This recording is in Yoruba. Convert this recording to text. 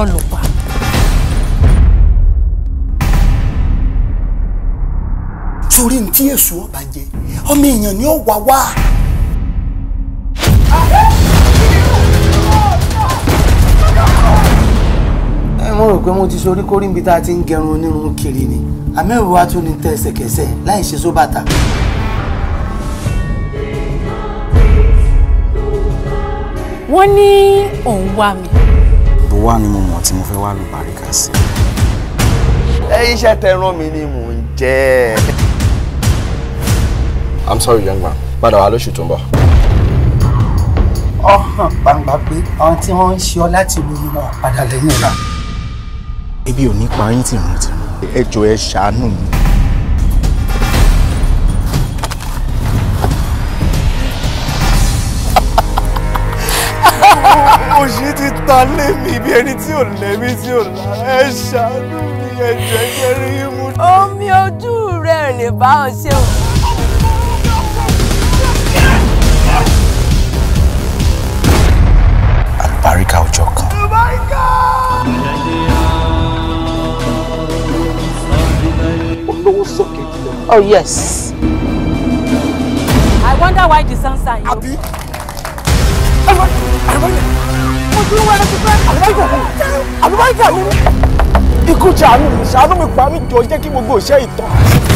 irọ́ ló pa. torí ní tí èso ọba jẹ ọmọ èèyàn ni ó wà wá. ẹ mo rò pé mo ti sorí kórí níbi tá a ti ń gẹrun onírun kiri ni àmẹ́rù wa tún ní tẹ̀sẹ̀kẹsẹ̀ láì ṣe sóbàtà. wọ́n ní òun wá mi wá ni mo mọ̀ tí mo fẹ́ wá lu bàríkà sí. ẹ iṣẹ́ tẹ rán mi ni mò ń jẹ́. i'm sorry young man padà wá lóṣù tó ń bọ̀. ọ hàn gbangba pé àwọn tí wọ́n ń ṣe ọ láti lu yín náà padà lẹ́yìn ọ̀la. ebi ò ní pa yín tìrùntìrùn ẹ jọ̀ọ́ ẹ ṣàánú mi. mo ṣe ti ta lémi bí ẹni tí ò lẹ́mí tí ò lá ẹ ṣàánú mi ẹ̀jẹ̀ kẹrí mú. omi ojú rẹ̀ o. àlùbáríkà ọjọ́ kan. àlùbáríkà. olówó sókè jùlọ. oh yes. I wonder why the sun sign. àbí àlùbáríkà mi ni ikú ṣàánú mi ṣàánú mi pa mí jọ jẹ́ kí gbogbo iṣẹ́ ìtàn.